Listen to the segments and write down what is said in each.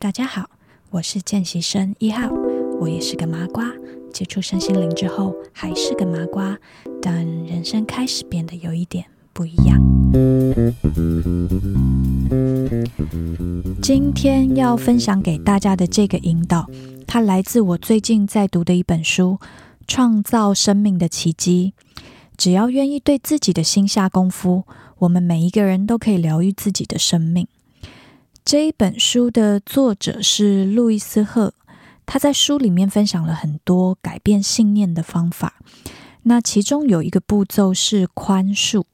大家好，我是見習生一號，我也是個麻瓜。接觸身心靈之後，還是個麻瓜，但人生開始變得有一點不一樣。今天要分享給大家的這個引導，它來自我最近在讀的一本書《創造生命的奇蹟》。只要願意對自己的心下功夫，我們每一個人都可以療癒自己的生命。這一本書的作者是路易斯·赫，他在書裡面分享了很多改變信念的方法。那其中有一個步驟是寬恕，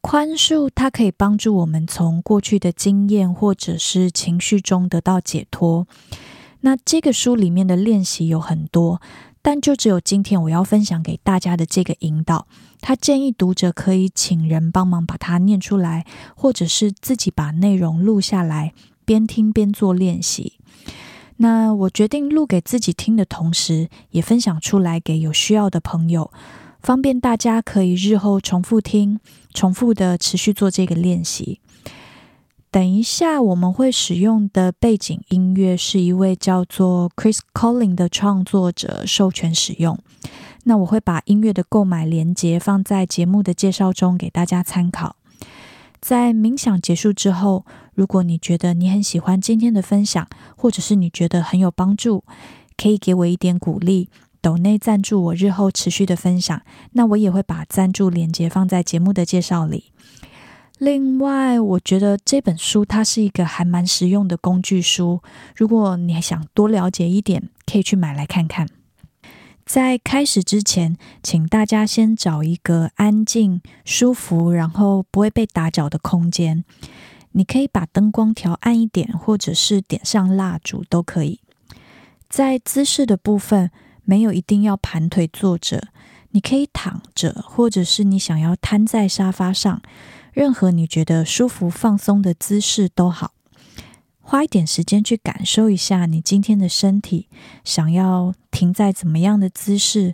寬恕它可以幫助我們從過去的經驗或者是情緒中得到解脫。那這個書裡面的練習有很多。但就只有今天，我要分享給大家的這個引導，他建議讀者可以請人幫忙把它念出來，或者是自己把內容錄下來，邊聽邊做練習。那我決定錄給自己聽的同時，也分享出來給有需要的朋友，方便大家可以日後重複聽，重複的持續做這個練習。等一下，我們會使用的背景音樂是一位叫做 Chris Collin 的創作者授權使用。那我會把音樂的購買鏈接放在節目的介紹中，給大家參考。在冥想結束之後，如果你覺得你很喜歡今天的分享，或者是你覺得很有幫助，可以給我一點鼓勵，抖內贊助我日後持續的分享。那我也會把贊助鏈接放在節目的介紹裡。另外，我覺得這本書它是一個還蠻實用的工具書。如果你還想多了解一點，可以去買來看看。在開始之前，請大家先找一個安靜、舒服，然後不會被打攪的空間。你可以把燈光調暗一點，或者是點上蠟燭都可以。在姿勢的部分，沒有一定要盤腿坐着，你可以躺着，或者是你想要癱在沙發上。任何你覺得舒服、放鬆的姿勢都好，花一點時間去感受一下你今天的身體，想要停在怎麼樣的姿勢？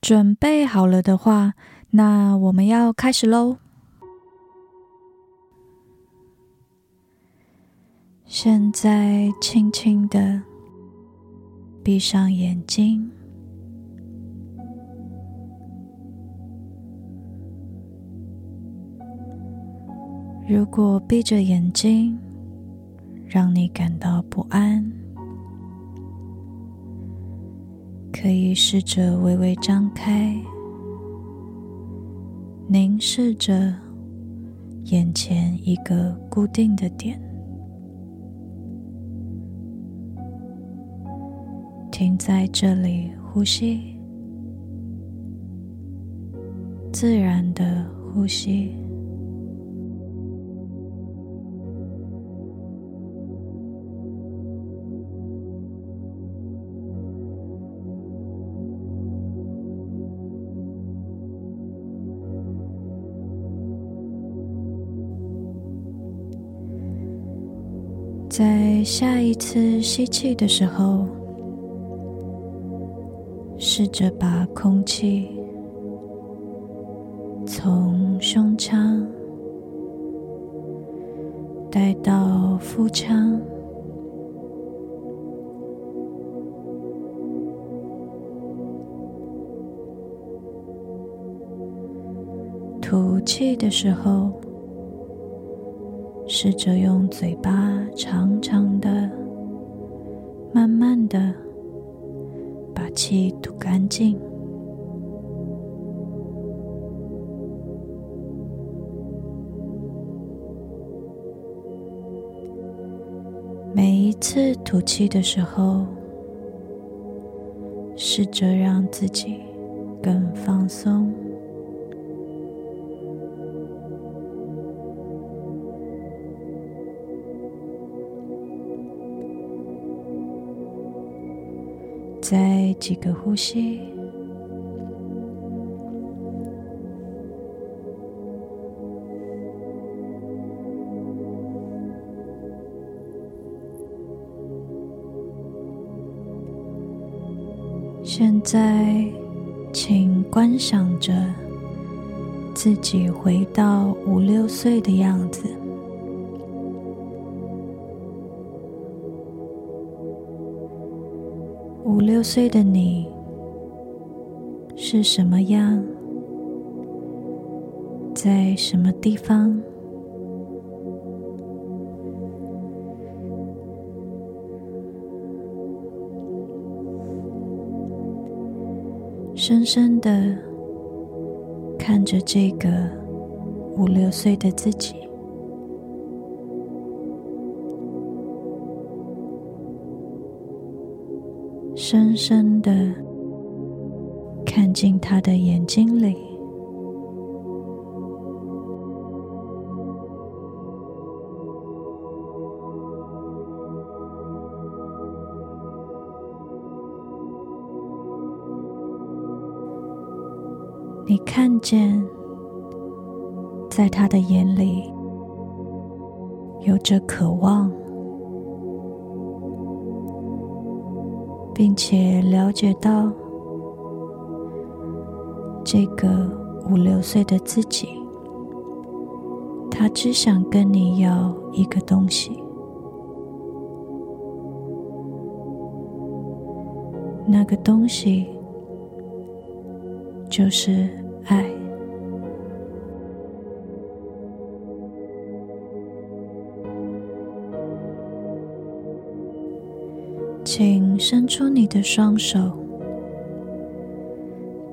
準備好了的話，那我們要開始嘍。現在，輕輕的閉上眼睛。如果閉着眼睛讓你感到不安，可以試着微微張開，凝視着眼前一個固定的點，停在這裡呼吸，自然的呼吸。在下一次吸氣的時候，試着把空氣從胸腔帶到腹腔。吐氣的時候，試着用嘴巴長長的、慢慢的把氣吐乾淨。每一次吐氣的時候，試着讓自己更放鬆。再幾個呼吸。現在，請觀想着自己回到五六歲的樣子。五六歲的你是什麼樣？在什麼地方？深深的看着這個五六歲的自己。深深的看進他的眼睛裡，你看見，在他的眼裡有着渴望。並且了解到，這個五六歲的自己，他只想跟你要一個東西，那個東西就是愛。伸出你的雙手，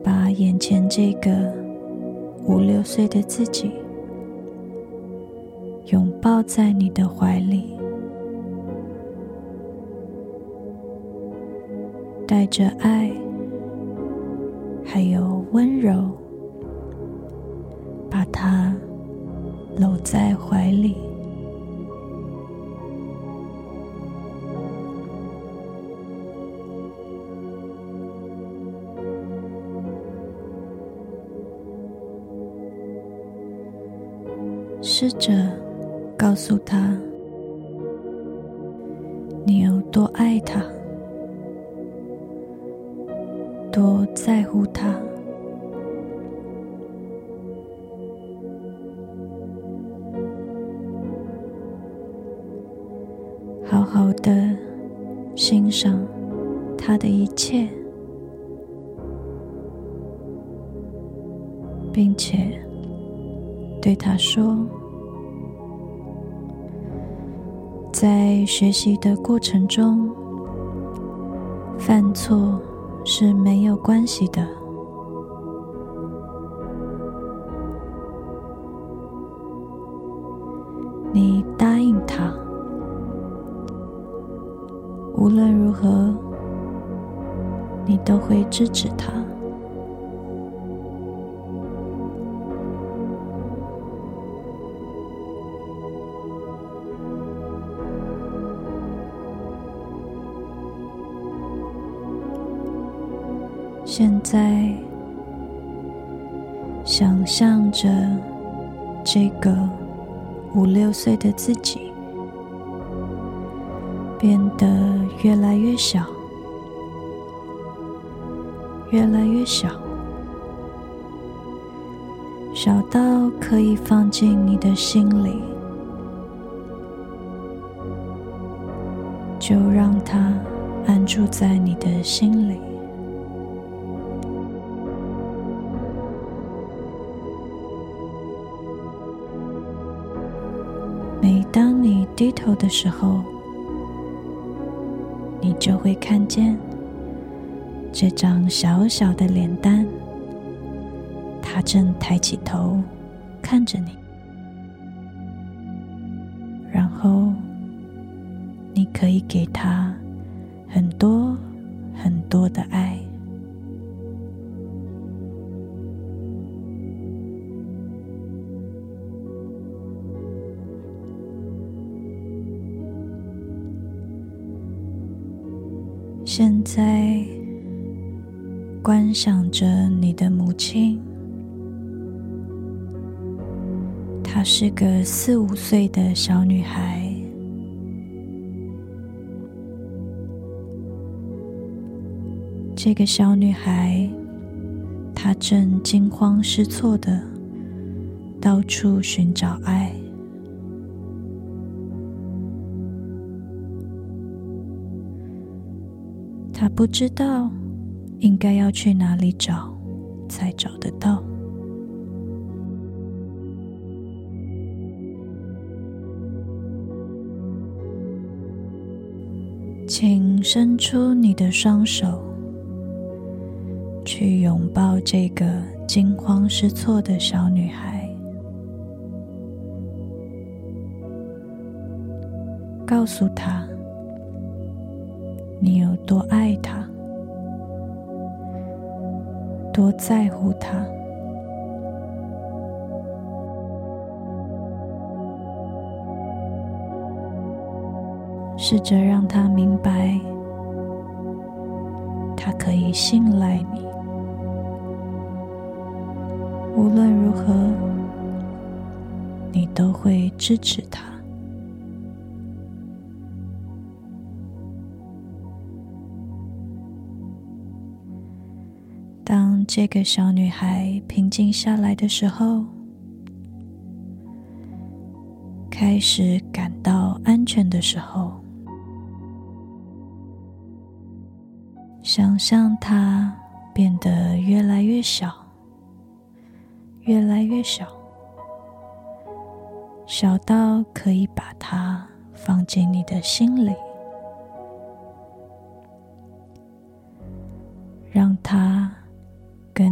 把眼前這個五六歲的自己擁抱在你的懷裡，帶着愛，還有溫柔，把它摟在懷裡。試着告訴他，你有多愛他，多在乎他，好好的欣賞他的一切，並且對他說。在學習的過程中，犯錯是沒有關係的。你答應他，無論如何，你都會支持他。這個五六歲的自己變得越來越小，越來越小，小到可以放進你的心裡，就讓它安住在你的心裡。當你低頭的時候，你就會看見這張小小的臉蛋，他正抬起頭看着你，然後你可以給他很多很多的愛。現在觀想着你的母親，她是個四五歲的小女孩。這個小女孩，她正驚慌失措地到處尋找愛。他不知道應該要去哪裡找，才找得到。請伸出你的雙手，去擁抱這個驚慌失措的小女孩，告訴她。你有多愛他，多在乎他，試着讓他明白，他可以信賴你。無論如何，你都會支持他。這個小女孩平靜下來的時候，開始感到安全的時候，想象她變得越來越小，越來越小，小到可以把她放進你的心裡。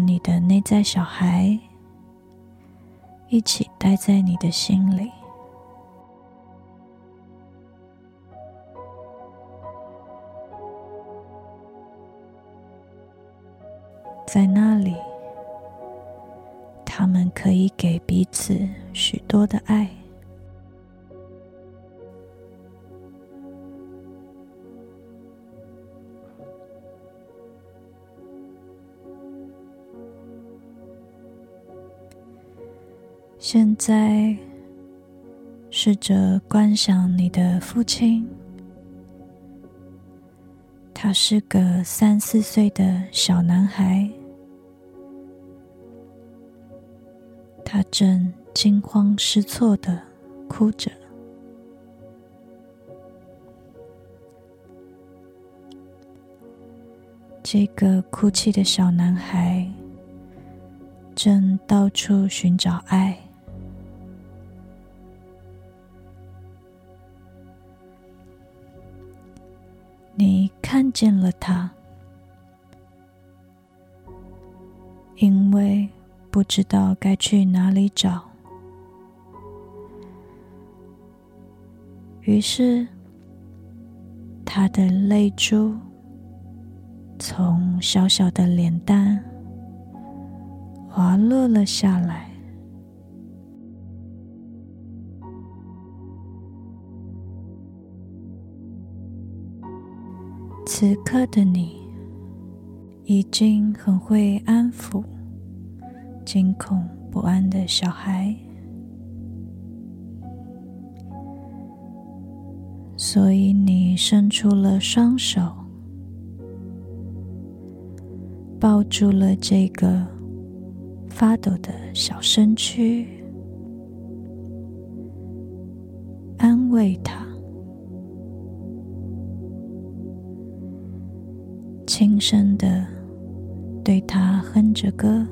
你的內在小孩，一起待在你的心裡，在那裡，他們可以給彼此許多的愛。現在，試着觀想你的父親。他是個三四歲的小男孩，他正驚慌失措地哭着。這個哭泣的小男孩正到處尋找愛。見了他，因為不知道該去哪裡找，於是他的淚珠從小小的臉蛋滑落了下來。此刻的你，已經很會安撫驚恐不安的小孩，所以你伸出了雙手，抱住了這個發抖的小身軀，安慰他。深深的對他哼着歌，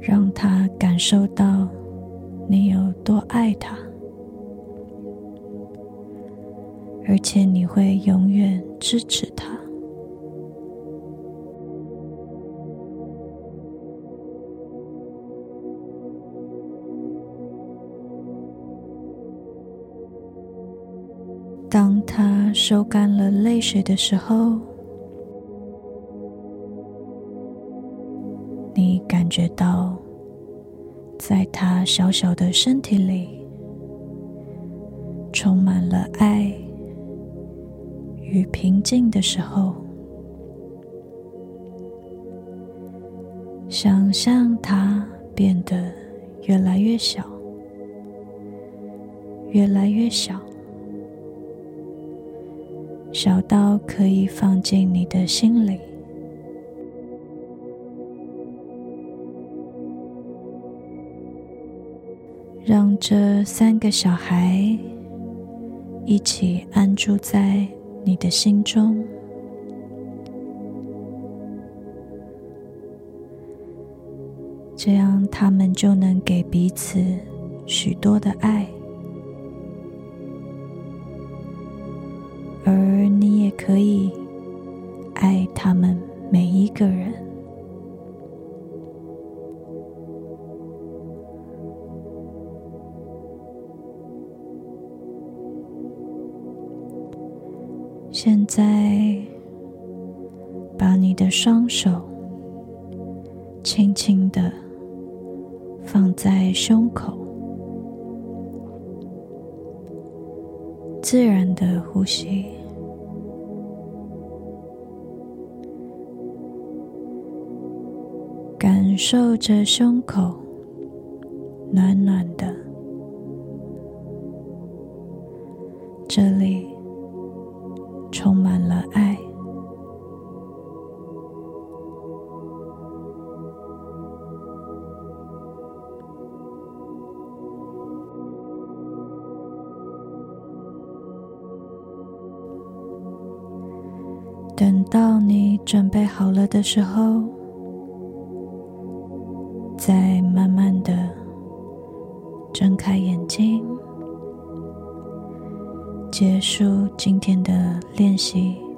讓他感受到你有多愛他，而且你會永遠支持他。當他收乾了淚水的時候，你感覺到，在他小小的身體裡充滿了愛與平靜的時候，想象他變得越來越小，越來越小。小到可以放進你的心裡，讓這三個小孩一起安住在你的心中，這樣他們就能給彼此許多的愛，而，可以愛他們每一個人。現在，把你的雙手輕輕的放在胸口，自然的呼吸。感受着胸口暖暖的，這裡充滿了愛。等到你準備好了的時候。再慢慢的睜開眼睛，結束今天的練習。